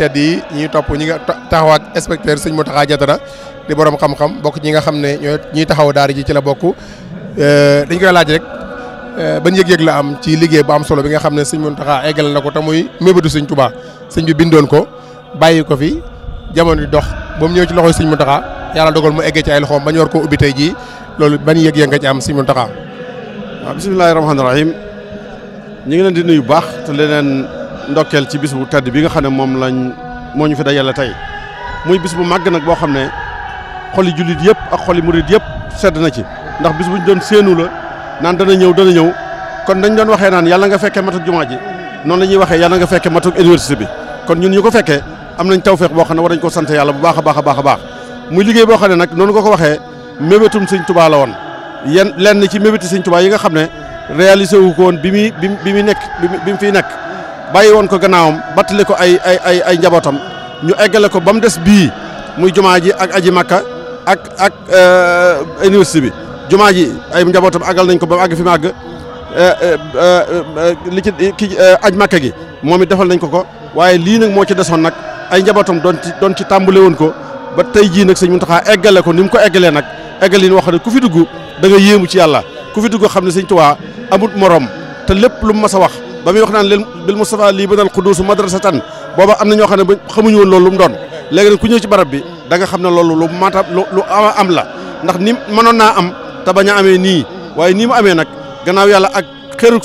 tedd yi ñuy topp ñu nga taxaw ak inspecteur sëñ Mountakha Diatara di borom xam-xam bokk ñi nga xam ne ñoo ñuy taxaw daara ji ci la bokk euh, dañ koy laaj rek euh, ban yëg-yëg la am ci liggéey bu am solo bi nga xam ne sëñ Mountakha eggal na ko te muy mébétu sëñ Touba sëñ bi bindoon ko bàyyi ko fi jamono di dox ba mu ñëw ci loxoy sëñ Mountakha yàlla dogal mu eggee ci ay loxoom ba war koo ubbi ji jii loolu bañ yëg-yëg nga ci am sëñ mu waaw bisimilah rahmaani rahiim ñu ngi leen di nuyu baax ndokkeel ci bis bu tedd bi nga xam ne moom lañ moo ñu fi dajale tey muy bis bu màgg nag boo xam ne xoli jullit yëpp ak xoli murit yëpp sedd na ci ndax bis bu ñu doon séenu la naan dana ñëw dana ñëw kon dañ doon waxee naan yàlla nga fekkee matuk jumaa ji noonu la ñuy waxee yàlla nga fekkee matuk université bi kon ñun ñu ko fekke am nañ tawfeex boo xam ne war nañ ko sant yàlla bu baax a baax a baax a baax muy liggéey boo xam ne nag noonu nga ko waxee mébétum sëñ tubaa la woon yenn lenn ci mébéti sëñ yi nga xam ne réalisé wu ko woon bi muy bi bi muy nekk bi mu fiy nekk bàyyi woon ko gannaaw battali ko ay ay ay ay njabootam ñu eggale ko ba mu des bii muy jumaa ji ak aji makka ak ak euh, université bi jumaa ji ay njabootam àggal nañ ko ba mu àgg fi mu àgg euh, euh, li ci ki aj makka gi moom it defal nañ ko ko waaye lii nag moo ci desoon nag ay njabootam doon ci doon tàmbale woon ko ba tey jii nag sëñ Muntaxa eggale ko ni mu ko eggalee nag eggale ni ko ne ku fi dugg da yéemu ci yàlla ku fi dugg xam ne sëñ Tuubaa amut morom te lépp lu mu mas a wax. ba muy wax naan leen bil Moustapha lii banal xuduusu madrasatan booba am na ñoo xam ne ba xamuñu woon loolu lu mu doon léegi nag ku ñëw ci barab bi danga nga xam ne loolu lu mata lu am la ndax ni mënoon naa am te bañ amee nii waaye nii mu amee nag gannaaw yàlla ak xëruk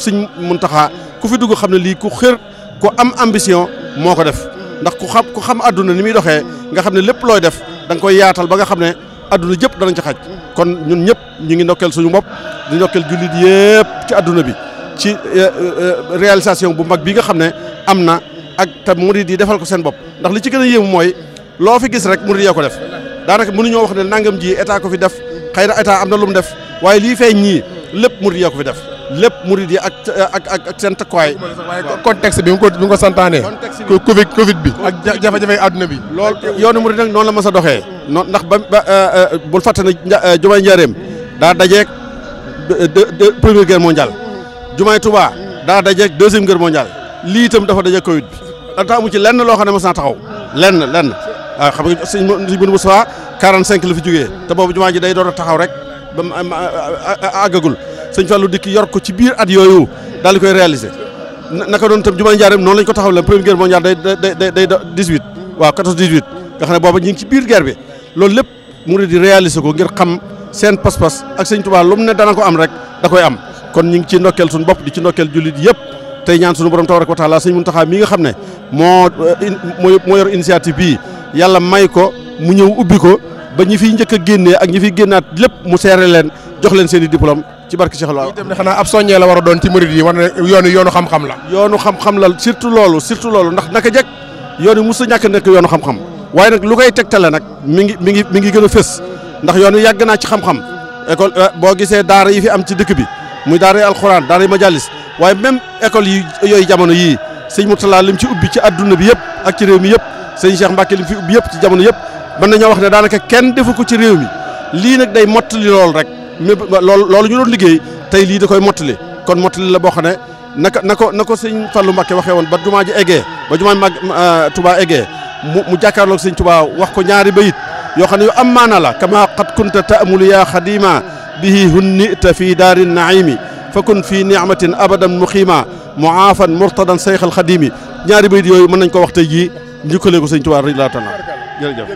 mun taxaa ku fi dugg xam ne lii ku xër ku am ambition moo ko def ndax ku xam ku xam àdduna ni muy doxee nga xam ne lépp looy def da koy yaatal ba nga xam ne àdduna jëpp danañ ci xaj kon ñun ñëpp ñu ngi ndokkeel suñu bopp di ndokkeel jullit ci àdduna bi ci euh, euh, réalisation bu mag bi nga xam ne am na ak te murid yi defal ko seen bopp ndax li ci gën a yéemu mooy loo fi gis rek murid yee ko def daanaka ñoo wax ne nangam ji état ko fi def xëy na état am na lu mu def waaye lii feeñ ñii lépp murid yee ko fi def lépp murid yi ak ak ak ak seen takkuwaay. waaye contexte bi mu ko bi mu ko santaane. covid covid bi. ak jafe-jafe àdduna bi. loolu yoonu murid nag noonu la ma a doxee. noonu ndax ba ba euh, bul fàtte ne Jumaay Njaareem daa dajeeg de guerre mondiale. jumaay Touba daa dajeeg deuxième guerre mondiale lii itam dafa dajeeg Covid bi mu ci lenn loo xam ne mos naa taxaw lenn lenn waaw ah, xam nga sëñ Mbir Moussa 45 la fi jógee te boobu jumaa ji day door a taxaw rek ba mu àggagul sëñ dikk yor ko ci biir at yooyu daal di koy réaliser naka doon itam jumaa Njaareem noonu lañ ko taxaw la première ne booba ñu ngi ci biir guerre bi loolu lépp mu ngi di réaliser ngir xam seen pas-pas ak sëñ Touba lu ne dana ko am rek da koy am. kon ngi ci ndokkeel suñu bopp di ci ndokkeel jullit yëpp tey ñaan suñu borom tabaraka wa taala sëñ Muntaxa mi nga xam ne moo eh, moo yor initiative bii yàlla may ko mu ñëw ubbi ko ba ñi fi njëkk a génnee ak ñi fiy génnaat lépp mu seere leen jox leen seen i diplôme ci barke Cheikh Law dem ne xanaa ab soññee la war a doon ci murid yi war yoonu yoonu xam-xam la yoonu xam surtout loolu surtout loolu ndax naka jekk yoonu mosu ñàkk nekk yoonu xam-xam waaye nag lu koy tegtale nag mi ngi mi ngi mi ngi gën a fës ndax yoonu yàgg naa ci xam-xam eh, boo gisee daara yi fi am ci dëkk bi muy daaray alxuraan daaray majalis waaye même école yi yooyu jamono yii sëñ Mourtala lim ci ubbi ci adduna bi yëpp ak ci réew mi yëpp sëñ Cheikh Mbacke lim fi ubbi yëpp ci jamono yëpp mën nañoo wax ne daanaka kenn defu ko ci réew mi lii nag day mottali lool rek mais loolu loolu ñu doon liggéey tey lii da koy mottali kon mottali la boo xam ne naka na ko na ko sëñ Fallou Mbacke waxee woon ba jumaa egee eggee ba jumaa mag ah, Touba egee mu mu jàkkaarloog sëñ Touba wax ko ñaari bayit yoo xam ne yu am maana la kama qad kunta taamulu yaa xadima به هنئت في دار النعيم فكن في نعمة أبدا مقيما معافا مرتدا سيخ الخديم نياري بيد يوي من نكو وقت يي نيكو ليكو سيني توار